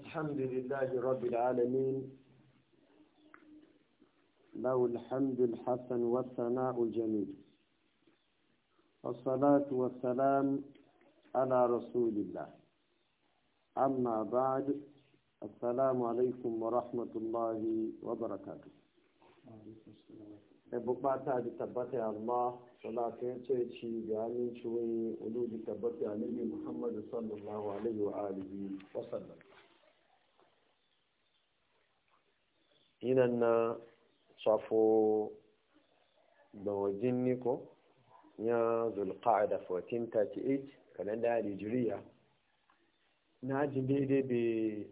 الحمد لله رب العالمين له الحمد الحسن والثناء الجميل والصلاة والسلام على رسول الله أما بعد السلام عليكم ورحمة الله وبركاته بقبات هذه tabbata الله صلاة ce ci شوي ولود wani ulu محمد صلى الله عليه وآله وسلم ina na safo bawajin niko ya da 1438 kalanda nigeria na ji daidai da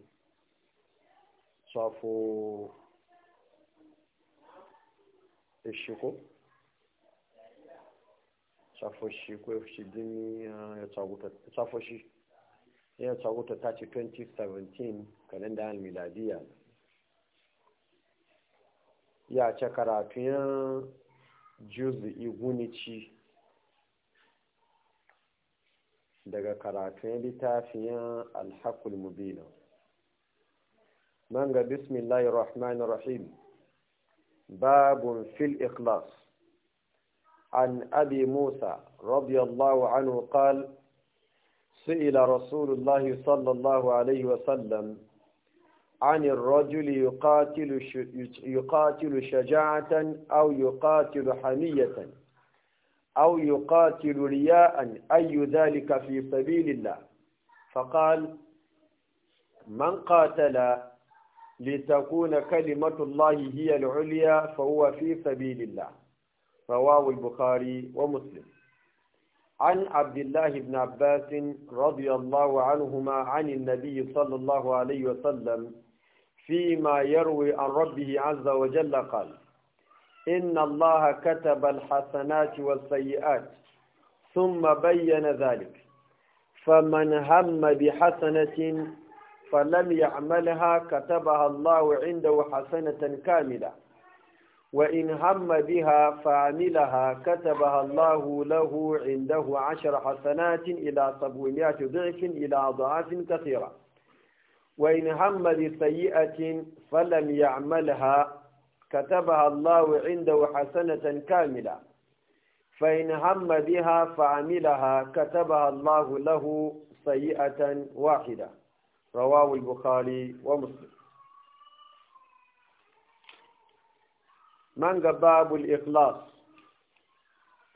safo ishiko safo shi ko shi ya tsaguta shi ya ta ce 2017 kalanda miladiya miladiyar ya ce karatun juzi gunici daga karatun littafiyan alhakul mubina man ga bismillahi rahim babun fil ikhlas عن أبي موسى رضي الله عنه قال سئل رسول الله صلى الله عليه وسلم عن الرجل يقاتل يقاتل شجاعة أو يقاتل حمية أو يقاتل رياء أي ذلك في سبيل الله فقال من قاتل لتكون كلمة الله هي العليا فهو في سبيل الله رواه البخاري ومسلم عن عبد الله بن عباس رضي الله عنهما عن النبي صلى الله عليه وسلم فيما يروي عن ربه عز وجل قال إن الله كتب الحسنات والسيئات ثم بين ذلك فمن هم بحسنة فلم يعملها كتبها الله عنده حسنة كاملة وإن هم بها فعملها كتبها الله له عنده عشر حسنات إلى سبعمائة ضعف إلى أضعاف كثيرة وإن هم بسيئة فلم يعملها كتبها الله عنده حسنة كاملة فإن هم بها فعملها كتبها الله له سيئة واحدة رواه البخاري ومسلم من باب الإخلاص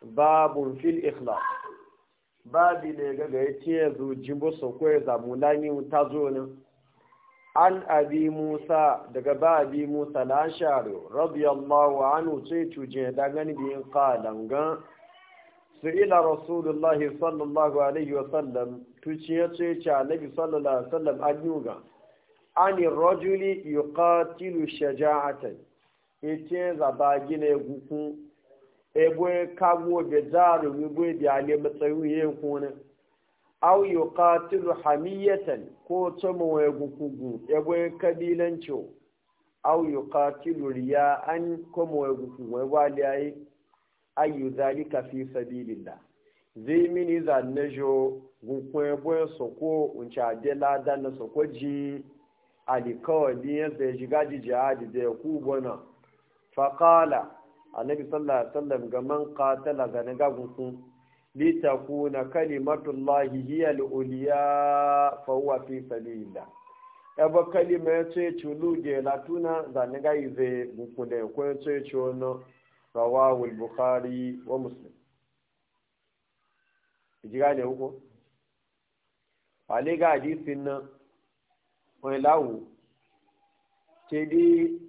باب في الإخلاص باب لغاية ga ga ya ce zo an abi musa daga ba abi musa na sharu radiyallahu anhu sai cuje da gani biyin kalangan su ila rasulullahi sallallahu alaihi wa wasallam ya ce ce annabi sallallahu alaihi sallam an ga an rajuli yuqatilu shaja'atan ite ba gine gukun ebe kagwo da zaru ebe da ale matsayin yankun aw yuqatilu hamiyatan ko tsomo ya gu ya gwe kabilanci aw yuqatilu riya'an ko mo ya gukugu ya wali ayu zalika fi sabilillah zai mini za na jo gukun ya soko unci adela da na soko ji alikawali ya zai shiga jihadi da ya kubona faƙala annabi sallallahu alaihi wasallam ga man qatala ga na ku. litakuna lahi hiya al-uliya fa huwa fi sabilillah ebe kalima ya ce culuge latuna zane ga ize gukude ko ya ce chono rawahu bukhari wa muslim ijiga ne uku wale ga hadisin nan wani lawo ce di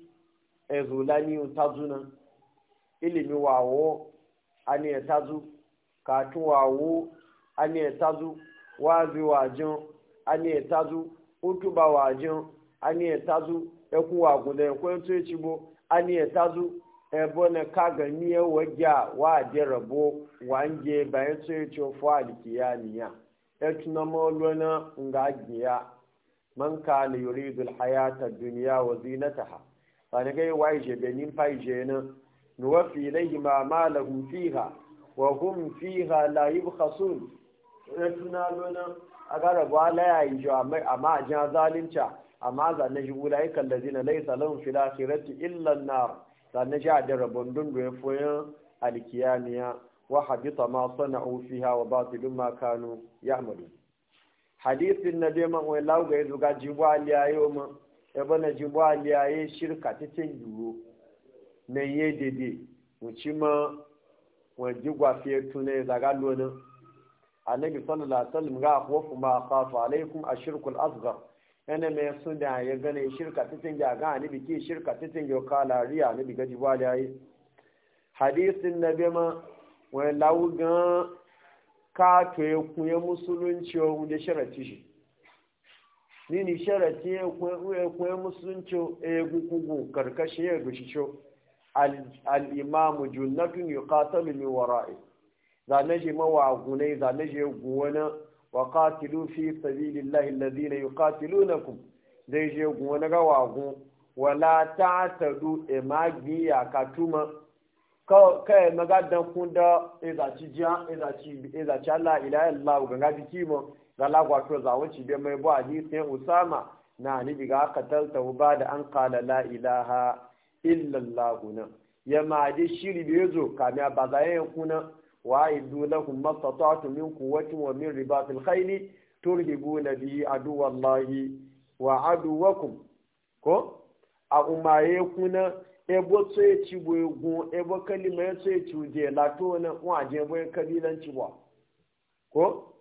ezulani tazuna ilimi wawo ani tazu wo katuwawu ane tazu wazi wajin ane tazu utuba wajin ane tazu ekuwa guda ekwentu echibo ane tazu ebo na kaga niye wajja wa jerabo wanje bayan su ya ce fuhari kiyaniya ya tuna maulona nga ajiya man kana yuridu alhayata dunya wa zinataha fa ne gai wai je benin fai je na nuwafi ilayhi ma malahum ha. wa hum fiha la yubkhasun tuna lona a gara ba la ya yi jo amma a jan zalunta amma zanne shi ulai kan lazina laysa lahum fil akhirati illa an-nar zanne ji a darabon dundu ya foyan alkiyamiya wa hadita ma sana'u fiha wa batilun ma kanu ya'malu hadisin na dai man wai lauga ya zuga jibu aliyayo ya bana jibu aliyaye shirka ta cin yuro nan ye dede mu ci ma wajen gwafe tunai zaga lona annabi sallallahu alaihi wasallam ga wafu ma khafu alaikum ashirkul asghar ene me suna ya gane shirka titin ga ga annabi ki shirka titin yo kala riya annabi gaji wali ayi hadisin nabi ma wa lawgan ka to ya kuye musulunci o wunde sharati shi ni ni sharati ya kuye musulunci o egugugu karkashin ya gushi cho al'imamu junnatun yi katalu min wara'i zane shi mawagunai zane shi guwana wa katilu fi sabilillahi lazina yi katilu na ku zai shi guwana ga wagun wala ta tadu emagi ya katuma kai e magadan kun da izaci e jiya izaci e Allah ilayen Allah ganga jiki kima ga lagwato zawon bai mai bu jisiyan Usama na ni diga aka talta ba da an kala la ilaha illallahu nan ya maje shiri da ya zo kamiya ba za ya yanku nan wa idu lahum mastata'tu min quwwatin wa min ribatil khayli turhibuna adu wallahi wa aduwakum ko a umaye kuna ebo so e ci bo egun ebo kalima e so ya ci uje to na wọn je bo kabilanci ba ko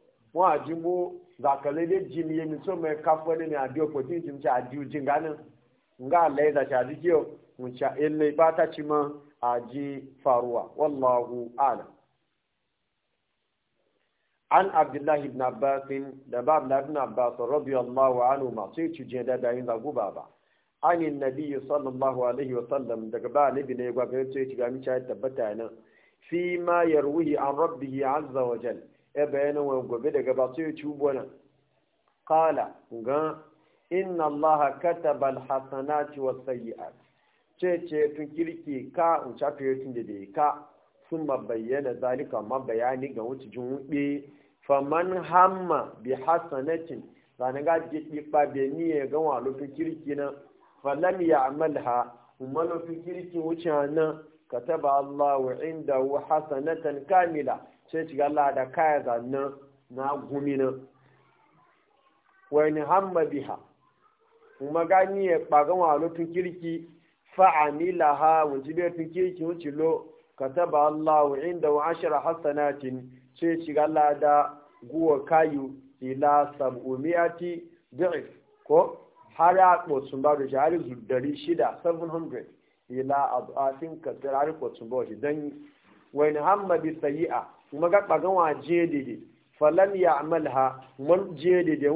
a ji bo zakalele jimi mi so mai kafo ne ne adi opportunity mu ci ji ujin nga Allah ya zaci aji kiyo mun sha illai ba ta ci ma aji faruwa wallahu ala an abdullahi ibn abbas da ba abdullahi ibn abbas radiyallahu anhu ma sai ci je da da yin zagu baba anin nabi sallallahu alaihi wa sallam daga ba nabi ne gwa ga sai ci ga mi cha tabbata nan fi ma yarwi an rabbih azza wa jal e bayanan wa gobe daga ba sai ci ubona qala ga inna allaha kataba alhasanati wasayyi'at ce ce tun kirki ka in chafe tun da dai ka sun mabayyana zalika bayani ga wuce jin wube faman hamma bi hasanatin zane ga ki kipa be ni ya ga wa kirki na falam ya'malha umma lufi kirki wuce na kataba allahu indahu hasanatan kamila ce ci Allah da kaya zanna na gumina wa in hamma biha magani ya wa lo tun kirki amila ha wunci biyar tun kirki wunci lo ka taba Allah inda wa ashara hasanatin ce shiga lada guwa kayu ila sab'umiyati dhif ko har ya kotun ba da shahari zuddari shida 700 ila abu'afin kasar har sun ba shi don wani hamadi sayi'a kuma ga ɓagan wa je dede falan ya amalha man je dede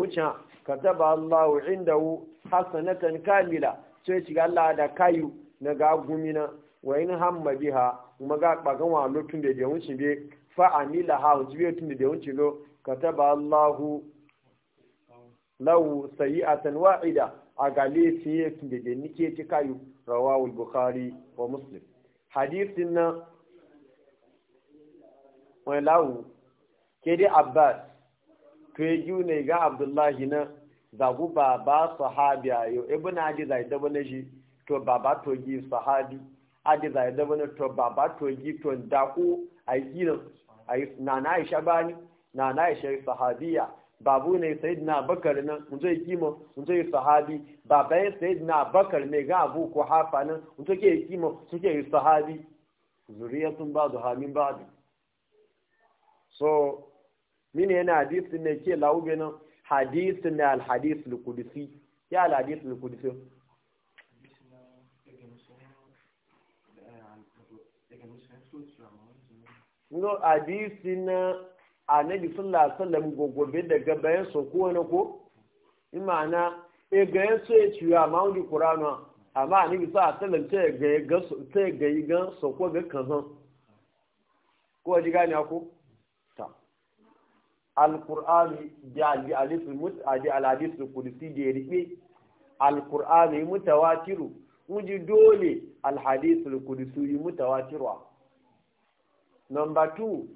kataba Allahu indahu hasanatan kamila sai shiga Allah da kayu na ga gumina wa in hamma biha kuma ga bagan wa lutun da da wuce be fa amila ha wuce be tun da da wuce lo kataba Allahu lahu sayi'atan wa'ida a gale sai tun da da nike ci kayu rawahu bukhari wa muslim hadithin na wai lawu ke abbas to ya ne ga abdullahi na zagu baba sahabi ayo ibn adi zai da wani shi to baba to gi sahabi adi zai da wani to baba to gi to daku ai kiran ai nana aisha bani nana aisha sahabiya babu ne sayyidina bakar nan mun zai kima mun zai sahabi baba ne sayyidina bakar ne ga abu ko hafa nan mun take kima suke sahabi zuriyatun ba'du hamin ba'du so mine yana hadisi ne ke laube nan hadisi na alhadisu lukudusi ya alhadisu lukudusi no hadisi na anabi sallallahu alaihi wasallam gogobe daga bayan so ko wani ko imana e ga yaso ya ciwa ma wani qur'ana amma anabi sallallahu alaihi wasallam sai ga ga ga yi ga so ko ga kazan ko ji gane ko alkur'ani bi alhadisul kudusi da ya rike alkur'ani mutawatiru ji dole alhadisul kudusi yi mutawatirwa number two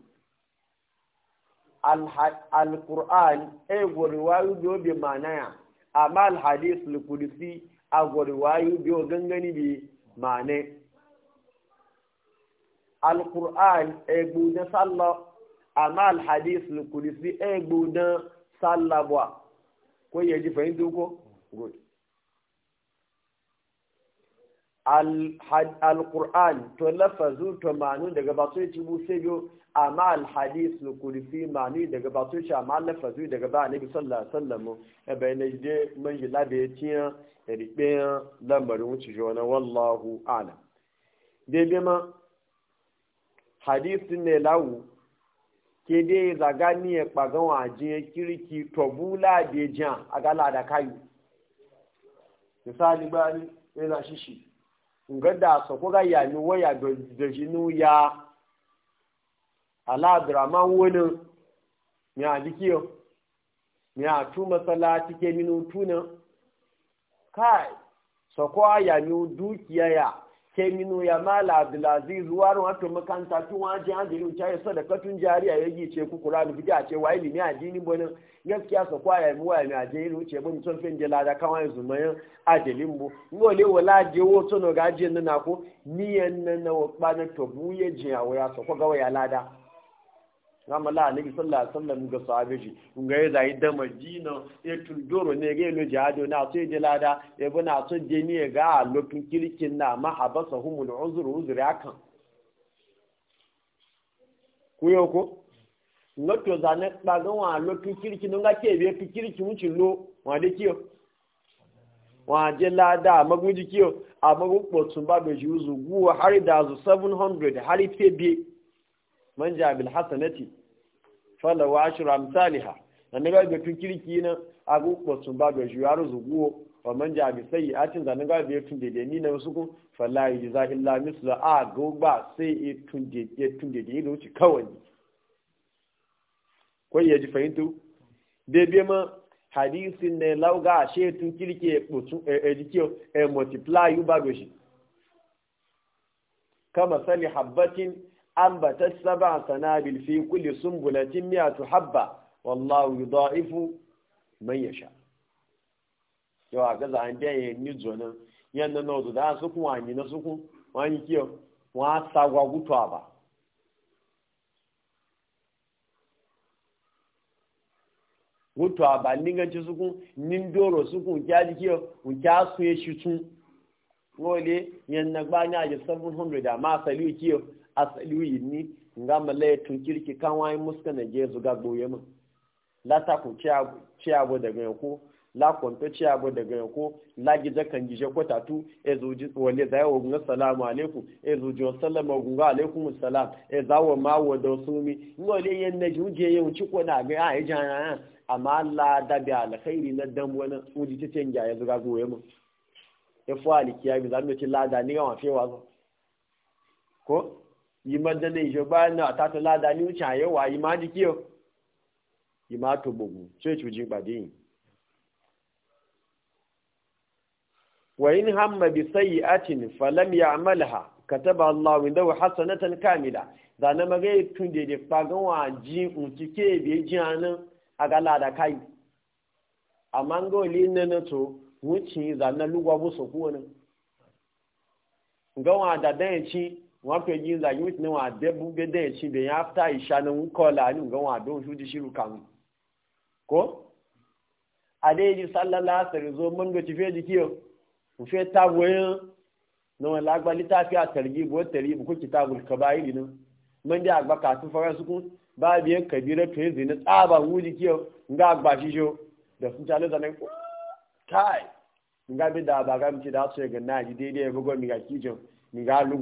alkur'an e gwariwayu biyo bi manaya amma alhadisul kudusi a gwariwayu biyo gangani bi manai alkur'an e gudu sallah amma alhadis na kulisi e gudan sallabuwa ko ya ji fahimtu ko? good al-ƙur'an to lafazu to manu daga basu ci bu sai biyu amma alhadis na kulisi manu daga basu ci amma lafazu daga ba nabi sallallahu sallamu ya bayyana je man yi labe ya tiya da riɓe lambarin wuce jona wallahu ala daidai ma hadisin ne lawu ke dai zaga ni ya kpaga waje ya kirki tobula da jan a gala da kayu misali bani ya za shi shi nga da so ko ga ya ni waya da jinu ya ala drama wani mi a jikiyo mi a tu masalati ke minu tunan kai so ko ya ni dukiya ya keminu ya mala abdulaziz ruwar wato makanta tun waje an da yau ya da katun jariya ya yi ce ku kurani bi a ce wai limi addini bonin gaskiya so kwa ya mu wa mi aje yi ce mun tun fin lada da kan wani zumayin adelin ngo le wala je wo to no gaje ko ni yan nan na buye je wa ya so ko ga ya lada gama la nabi sallallahu alaihi wasallam ga sahabe shi ga yayi da madina ya tundoro ne ga lo jihadu na so je lada ya buna so je ni ga lokin kirkin na mahabasa humul uzru uzri akan ku yo ko ngoto zane ba ga wa lokin kirkin nga ke be ku mun muci lo wa de kiyo wa je lada magun ji kiyo a magun potun ba be ji uzu guwa har da zu 700 har ife biye man ja bil hasanati fala wa ashru amsalha nan ga ga tun kirki na abu ko sun ba ga juyaru zuguwo wa man ja bi sayyi'atin zan ga bi tun de ni na su ku fala yujza illa misla a go ba sai e tun de e tun de ne wuce kawai ko ya ji fahimtu de be ma hadisin ne lauga she tun kirki e kutun e dikio e multiply u ba go shi kama sali habbatin ta sab'a sanabil fi bulatin miya tu habba wallahu za'ifu man sha yawa ga za an dai ni zonin yanda na wasu da su kuma wani na su kuma wani kiyo wa sagwa gutwa ba gutuwa ba ninganci su kuma nin doro su kuma kya ji kiyo kya su ya shi tun wole yanda gbani a aje 700 a masali kiyo asali ni nga mala tun kirki kan wani muska na je zuga goye min la ta ku ciya bu daga yanko la kwanto ciya bu daga yanko la gida kan gije ko tatu e zuji wale da yawo ga salamu alaikum e zuji wa sallama gunga alaikum salam e wa ma wa da sumi ngole yen e na juje yau ci ko na a yi jana amma la da bi alkhairi na dan wani uji ta canja ya zuga goye min e fo alikiya bi mu ci lada ni ga wa fewa ko Yi ìmọ̀dẹ́lẹ̀ ìjọba yi àtàtọ̀ládà ní ìṣà àyẹ̀wò àyímáàdì kí o ìmáàtò gbogbo tí ó ìtòjì pàdé yìí wàyín hamabi sayi atin falamiya amalha kataba allah inda wa hasanatan kamila da na magai tun da da fagan wa ji untike biye ji anan a ga da kai amma ga wali na na to wuce za na lugwa bu su kuwa nan ga wa da dan ci wọ́n pè yí ńlá yóò ní wọn àdẹ́bù gẹ́dẹ́ ẹ̀ṣin bẹ̀yẹn áfítà ìṣáná ń kọ́lá ní nǹkan wọn àdó oṣù ti ṣírù kàwọn kó adéyí sálálá àtẹ̀rẹ̀zọ mọ́nùgbò ti fẹ́ di kí o kò fẹ́ tábù ẹ̀yán ní wọn lágbá fi àtẹ̀rẹ̀gì bó tẹ̀lé ibù ti tábù kaba yìí mọ́ndé àgbà kàtún fọ́rẹ́ sukùn bá a bìyẹn kẹ̀bí rẹ̀ tó ní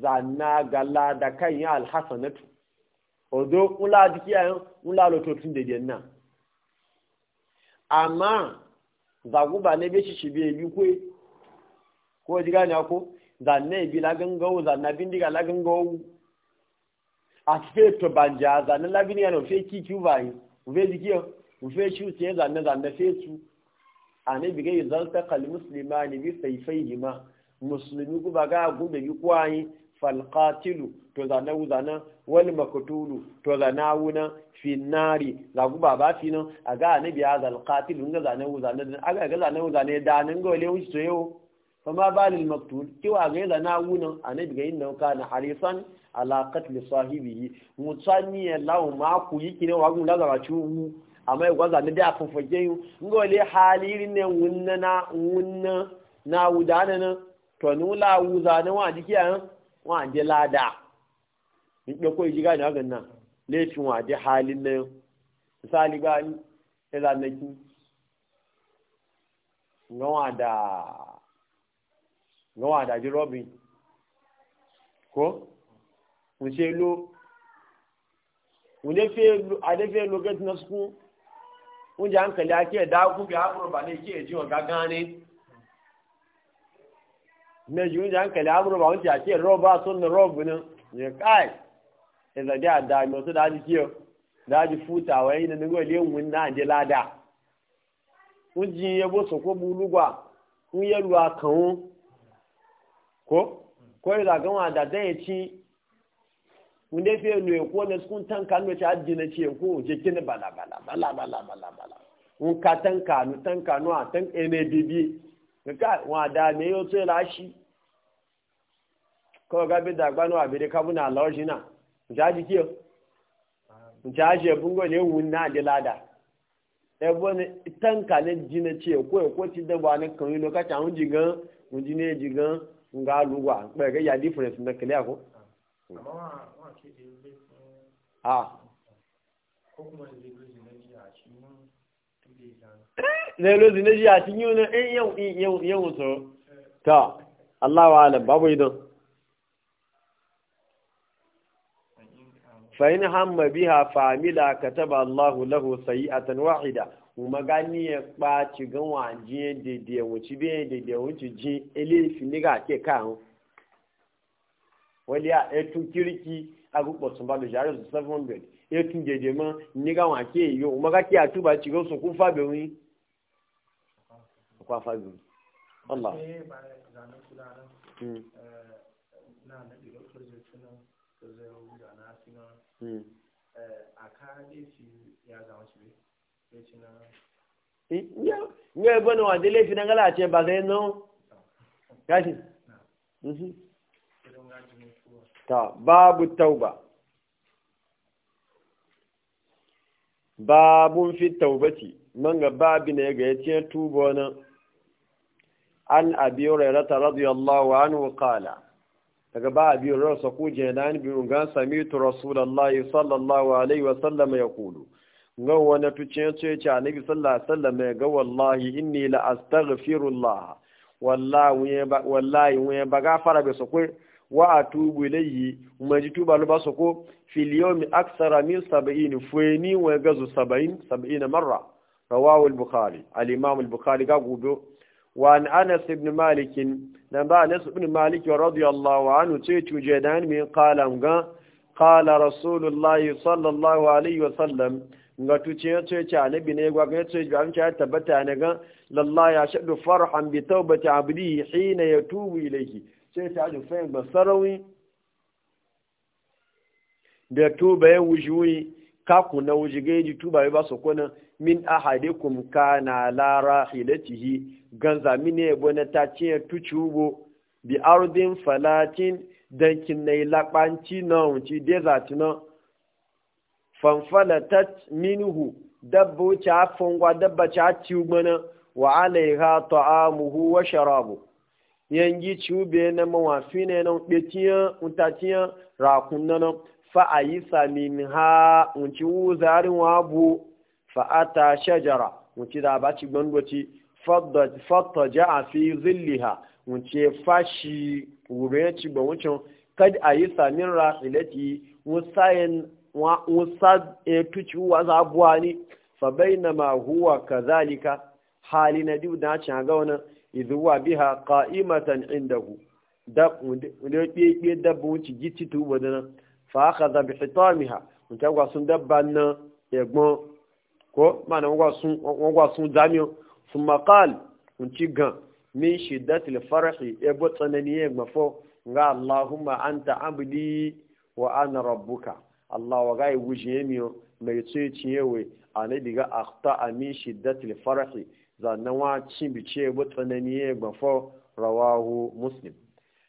zanna gala da kan ya alhasanatu odo kula dikiya kula lototun da jenna amma zaguba ne be shi shi be yi kwe ko ji gani ko zanna bi la gangawo zanna bindiga la gangawo a fe to banja zanna la bindiga no fe ki ki vai ve dikiya ve shi ti zanna zanna fe su ane bi ga yuzalta kal muslimani bi sayfayhima muslimi ba ga gumbe bi ayi falqatilu to zana wuzana wani maktulu to zana wuna finari. nari za ku baba fi nan aga annabi ya zal qatilu ga zana wuzana din aga ga zana wuzana da nan ga wale wuce to yau ba balil maktul kiwa ga zana wuna annabi ga inna kana harisan ala qatl sahibihi mutsanni lawo ma ku yiki ne wa gun da ci wu amma ya gwaza da afin fage yi ga wale halirin ne wunna na wunna na wudana na to nula wuzana wa dikiya wọn à ń jẹ ládàá nígbà kó ìjìgá ní ọgàn náà léèfin wọn àjẹ hali náà misali gba ni ẹlà nàkí nga wọn kó n ṣe lo n adé fẹ lo oúnjẹ à ń kẹlẹ akí ẹdá kú a kí ẹ gángan na ji wunji hankali amuru ba wunci a ce roba sun na robu ya ya a da mai su da haji da haji futa wa yi na ile wun na lada ya bo so ko bulugwa kun ya ruwa kan ko ko ya zagan ya ci dai ko na sun ci na ce ko je kin bala bala bala bala bala a tan ene ka wa da ne yo kawai gabi gbanu a bere kabuna lawashi na njaji kiyo njaji ya bungo ne wunna da lada ebe ne tanka ne jina ce ko ko ti da ba ne kan jigan hun jine jigan nga ya difference na kale ko ah a cikin yau na yau ha. so ta fa'in hamma biha famila kataba Allahu lahu a wahida kuma gani ya ɓaci gan waje dede wuci be dede wuci ji elefi ni ga ke kan wali a etu kirki a gukpo sun ba da su 700 etu dede ma ni ga wa ke yi kuma ga a atuba ci gan su ku fa be Allah na na Nye ebe na wade laifi na gala ce ba zai nan gashi. Ta babu tauba. Babun fi taubati, man ga babi na ya ga ya ce tubo nan. An abi rarata radiyallahu anhu qala. daga ba a biyun rarsa ko jenan biyun gan sami tu rasulallah sallallahu alaihi wa wasallam ya kulu ga wani tucin su ya ce annabi sallallahu alaihi wasallam ya ga wallahi inni la astaghfirullah wallahi wani ba gafara bai sako wa atubu ilayhi ma ji tuba lu ba sako fil yawmi aksara min 70 fueni wa gazu 70 70 marra rawahu al-bukhari al-imam al-bukhari ga gubo wa an anas ibn malik dan ba Anas ibn Malik radiyallahu anhu ce cuje dan min qalam ga qala rasulullahi sallallahu alaihi sallam ga tuce ce ce annabi ne ga ce ga ce tabbata ne ga lallahi ashadu farhan bi tawbati abdi hina yatubu ilayhi ce ta ju fa ba sarawi da tuba ya wujuyi ku na wujige ji tuba ba su kuna min ahadikum kana la rahilatihi ganza mine bona ta ce tucubo bi ardin falatin dan kinai labanci na wuci desert na fanfalatat minhu dabbo cha fungwa dabba cha ciumana wa alaiha ta'amuhu wa sharabu yangi ciube na mawafi ne na betiya untatiya rakun na fa ayisa sami ha unci wuzarin wabu fa'ata shajara wuce da ba ci gbandoci fatta ja'a fi zilliha wuce fashi wurin ci gban wucin kad a yi samin rasilati wusa ya tuci wa zabuwa ne fa bai na ma huwa ka zalika hali na biyu da cin ga wani izuwa biha ka'imatan inda ku da ɗaiɗe dabba wuce gici tuba da nan fa aka zabi fitomiha wuce gwasun dabban nan egbon ko mana wangwa sun damiyo sun makal sun ci gan min shiddatil farahi ebo tsanani ya e gbafo nga Allahumma anta abdi wa ana rabbuka Allah wa gai e wujiye miyo mai e tsoye ciyewe a na diga akhta a min shiddatil farahi zannan wa cin bice ebo tsanani ya rawahu muslim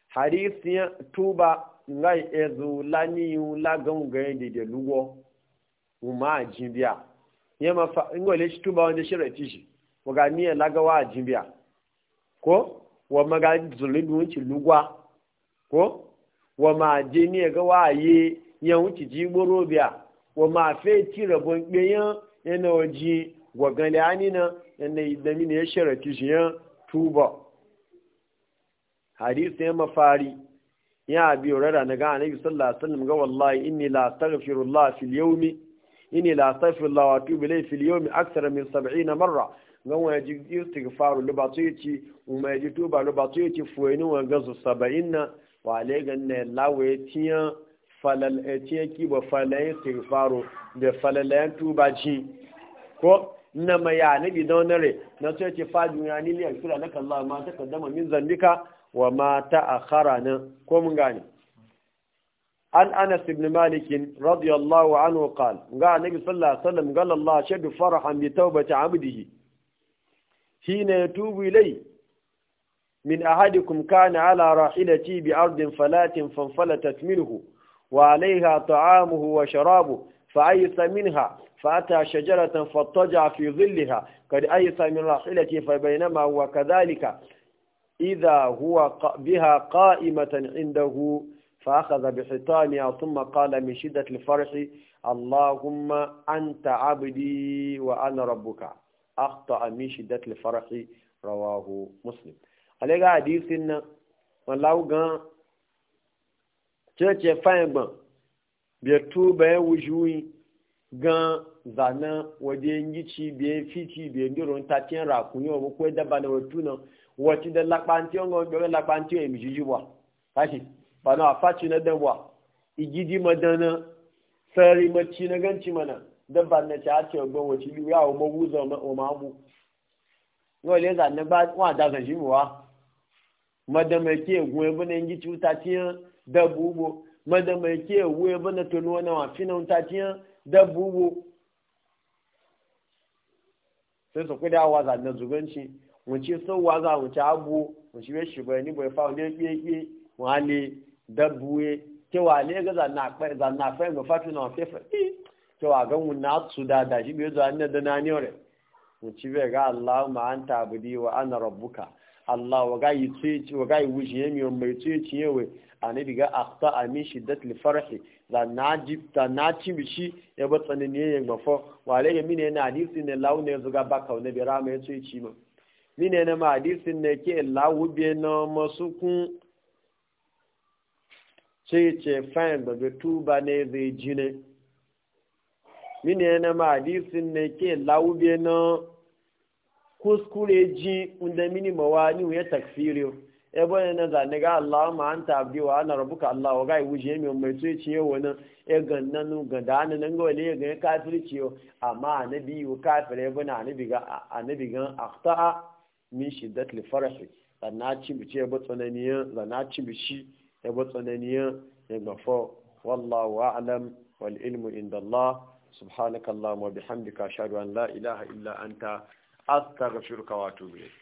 hadith ya tuba nga ezulani lagan gaye de luwo umma jimbiya ya mafa ingole shi tuba wanda shi rafi shi waga niya lagawa a jibiya ko wa maga zulubin wuce lugwa ko wa ma je niya ga waye ya wuce jiboro biya wa ma fe ci rabon gbeyan yana waje gwagale anina yana idami ne ya shi rafi shi ya tuba hadisi ya mafari ya abi rara na ga annabi sallallahu alaihi wasallam ga wallahi inni la astaghfirullah fil yawmi inni la astaghfirullah wa atubu ilayhi fil yawmi akthara min 70 marra ngan wa ji istighfaru lu ba tuyi umma ji tuba lu ba tuyi fueni wa gazu 70 na wa le ne lawe tiya falal etiya ki ba falai istighfaru da falalayan tuba ji ko na ma ya nabi donare na so ce fadu ya ni liyan sura laka Allah ma ta kaddama min zambika wa mata ta akhara na ko gane عن أنس بن مالك رضي الله عنه قال قال النبي صلى الله عليه وسلم قال الله شد فرحا بتوبة عبده حين يتوب إليه من أحدكم كان على راحلتي بأرض فلات فانفلتت منه وعليها طعامه وشرابه فأيس منها فأتى شجرة فاضطجع في ظلها قد أيس من راحلتي فبينما هو كذلك إذا هو بها قائمة عنده فأخذ بحيطانها ثم قال من شدة الفرح اللهم أنت عبدي وأنا ربك أخطأ من شدة الفرح رواه مسلم عليك حديث إن ولو كان تشي فاهم بيتوبة وجوي gan zana waje ngici biye fiti biye ndiron ta tin ra kunyo ko da bana wati da bana na faci na dawa igidi madana sari maci na ganci mana dabba na ci ake gbon wace biyu ya wa wuza wa mamu yau le na ba wa da zan shi wa madama ke gwe bana yi cuta tiyan dabbu bo madama ke gwe bana tonuwa na wafi na wuta tiyan dabba bo sai su kuda wa na zuganci wace sauwa za wuce abu wace bai shi bai ni bai fa wani ya ƙiye wani dabbuye cewa ne ga zanna fai ga fatu na fefa i cewa ga wuna su da da shi bai zuwa ne da na ne mu ci bai ga Allah ma an tabudi wa ana rabbuka Allah wa ga yi wa wuce yemi wa mai tsoye ciyewe a ne diga akhta amin shiddat li da na jibta na ci bishi ya ba tsanani ya gbafo wa ne mine yana hadisi ne launa ya zuga ba kaune bi rama ya ci ma mine na ma hadisi ne ke lawu biye na masu kun sai ce fayin tuba ne zai ji ne mini ma ma hadisin ne ke laube na kuskure ji inda mini mawani ya takfiriyo ebe ne na zane ga Allah ma an tabbi wa ana rabuka Allah wa ga wuje mi mai so ce na e ganna nu ga da nan nan ga yo amma annabi wa na ga ga min shiddat li farahi zanaci bice ba zanaci ya ba tsananiya ya gafa wallahu a'lam wal ilmu inda Allah subhanakallahumma bihamdika ashhadu an la ilaha illa anta astaghfiruka wa atubu ilayk